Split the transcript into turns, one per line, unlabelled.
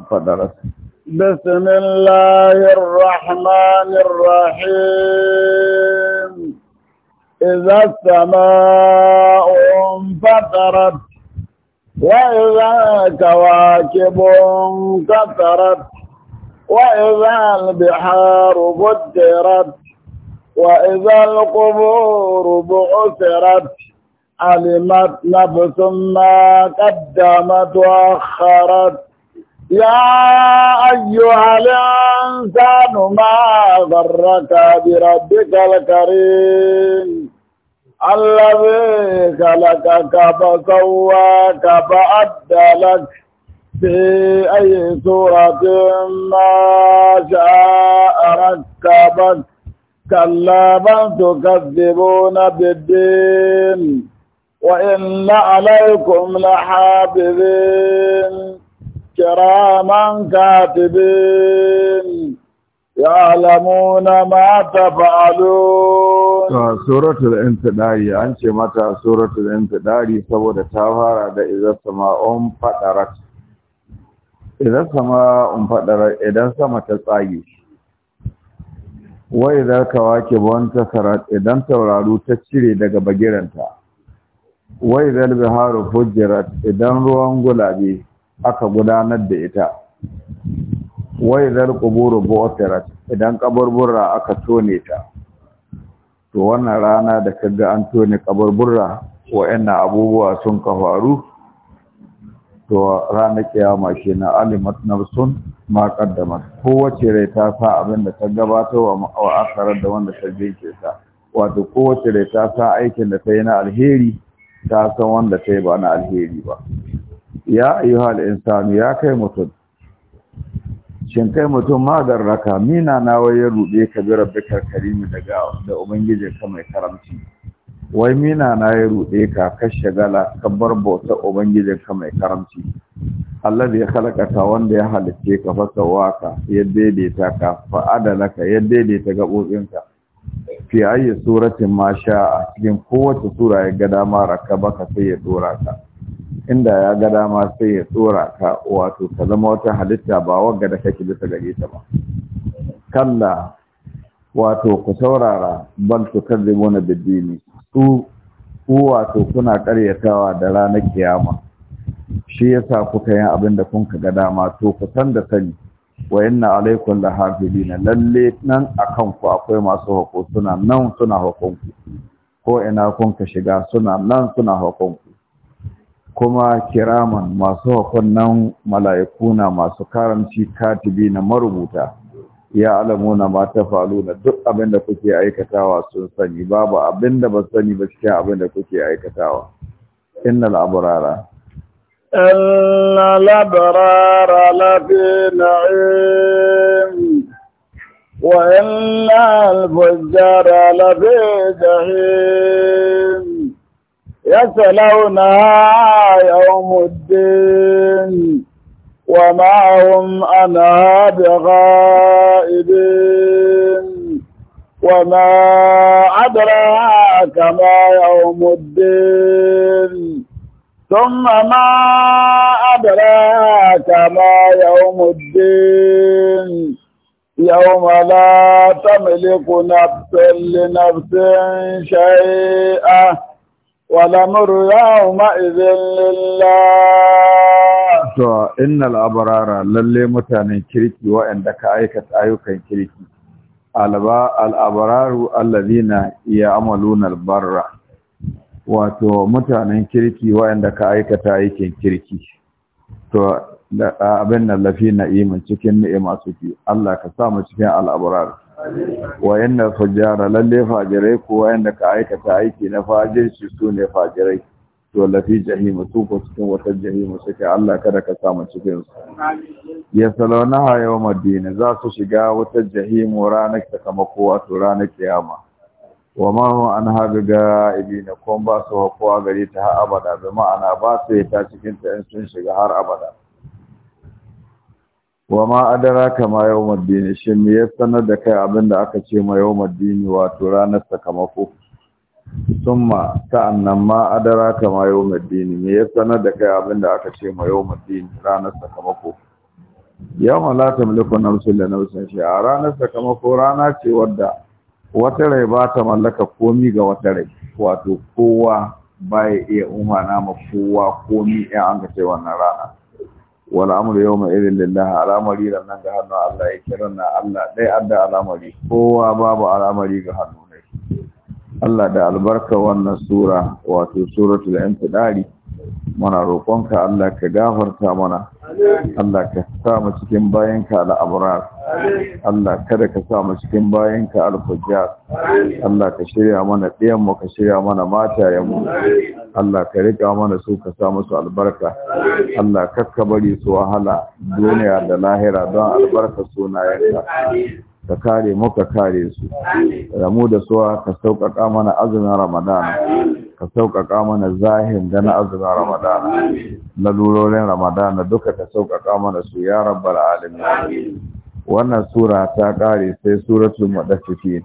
بسم
الله الرحمن الرحيم إذا السماء انفطرت وإذا الكواكب انكسرت وإذا البحار بدرت وإذا القبور بعثرت علمت نفس ما قدمت وأخرت يا أيها الإنسان ما غرك بربك الكريم الذي خلقك فسواك فعدلك في أي سورة ما شاء ركبك كلا من تكذبون بالدين وإن عليكم لحافظين كراما كاتبين يعلمون ما تفعلون
suratul intidari an ce mata suratul intidari saboda ta fara da idan sama'un fadarat idan sama'un fadarat idan sama ta tsage wai za ka wake bon tasarat idan tauraro ta cire daga bagiranta wai zal biharu fujirat idan ruwan gulabe aka gudanar da ita wai zar kuburu bu'tirat idan kaburbura aka tone ta to wannan rana da kaga an tone kaburbura wa'annan abubuwa sun ka faru to ranar kiyama shi na alimat nafsun ma Ko wace rai ta sa abin da ta gabatar wa asarar da wanda ta jinke ta wato wace rai ta sa aikin da ta yi na alheri ta san wanda ta yi ba na alheri ba ya ayyuhal insanu ya kai mutum shin kai mutum ma raka mina na wai ya rube ka bi rabbikal karim daga da ubangijin ka mai karamci wai mina na ya rube ka ka shagala ka bar bauta ubangijin ka mai karamci Allah ya halaka wanda ya halitte ka fasa waka ya daidaita ka fa adalaka ya daidaita gabobin ka fi ayi suratin ma sha'a cikin kowace sura ya ga dama raka baka sai ya dora ka inda ya ga dama sai ya tsora ka wato ka zama wata halitta ba wagga da kake bisa gare ta ba kalla wato ku saurara bal tukadzibuna bidini su ku wato kuna karyatawa da ranar kiyama shi ya sa kuka yin abin da kun ga dama to ku san da sani wa inna alaikum na lalle nan akan ku akwai masu hako suna nan suna hakonku ko ina kun ka shiga suna nan suna hakonku kuma kiraman masu mala'iku mala'ikuna masu karanci katibi na marubuta ya alamuna ma ta falu na duk abinda kuke aikatawa sun sani babu abinda ba sani ba cikin abinda kuke aikatawa inna abrara
inna abrara lafi na'im wa inna fujjara lafi jahim يصلونها يوم الدين وما هم أنا بغائبين وما أدراك ما يوم الدين ثم ما أدراك ما يوم الدين يوم لا تملك نفس لنفس شيئا والأمر يومئذ لله
to innal abrara lalle mutanen kirki waɗanda ka aikata ayyukan kirki alba al abraru allazina ya'maluna al barra wato mutanen kirki waɗanda ka aikata aikin kirki to abin nan lafi na'imin cikin ni'ima suke Allah ka sa mu cikin al'abrar wa inna fujjara lalle fajirai ko wanda ka aikata aiki na shi su ne fajirai to lafi jahima su ko cikin wata jahimu suke Allah kada ka sa mu cikin su ya salona ha yau madina za su shiga wata jahimu ranar sakamako wato ranar kiyama wa ma hu an haɗu ga ibina kuma ba su hakuwa gari ta har abada bi ma'ana ba su yi ta cikin ta in sun shiga har abada wa ma ka ma yawmuddin shin me ya sanar da kai abin da aka ce ma yawmuddin wato ranar sakamako summa sa'annan ma ka ma yawmuddin me ya sanar da kai abin da aka ce ma yawmuddin ranar sakamako yawma la tamliku nafsun li nafsin shay'a ranar sakamako rana ce wadda wata rai ba ta mallaka komi ga wata rai wato kowa baya iya umana ma kowa komi ya an ga ce wannan rana wal yau yawma irin lillaha al'amari da nan ga hannu Allah ya kiran Allah dai adda al'amari kowa babu al'amari ga hannu ne Allah da albarka wannan sura wato suratul fiɗari, muna roƙonka Allah ka gafarta mana Allah ka sa mu cikin bayanka da abrar Allah kada ka sa mu cikin bayanka alfujjar Allah ka shirya mana ɗiyan mu ka shirya mana mata mu Allah ka rika mana su ka sa musu albarka Allah kakka bari su wahala duniya da lahira don albarka sunayenka ka kare mu ka kare su ramu da suwa ka sauƙaƙa mana azumin ramadana ka sauƙaƙa mana zahin da na azumin ramadana lalurorin ramadana duka ka sauƙaƙa mana su ya rabbal alamin wannan sura ta ƙare sai suratul mudaffifin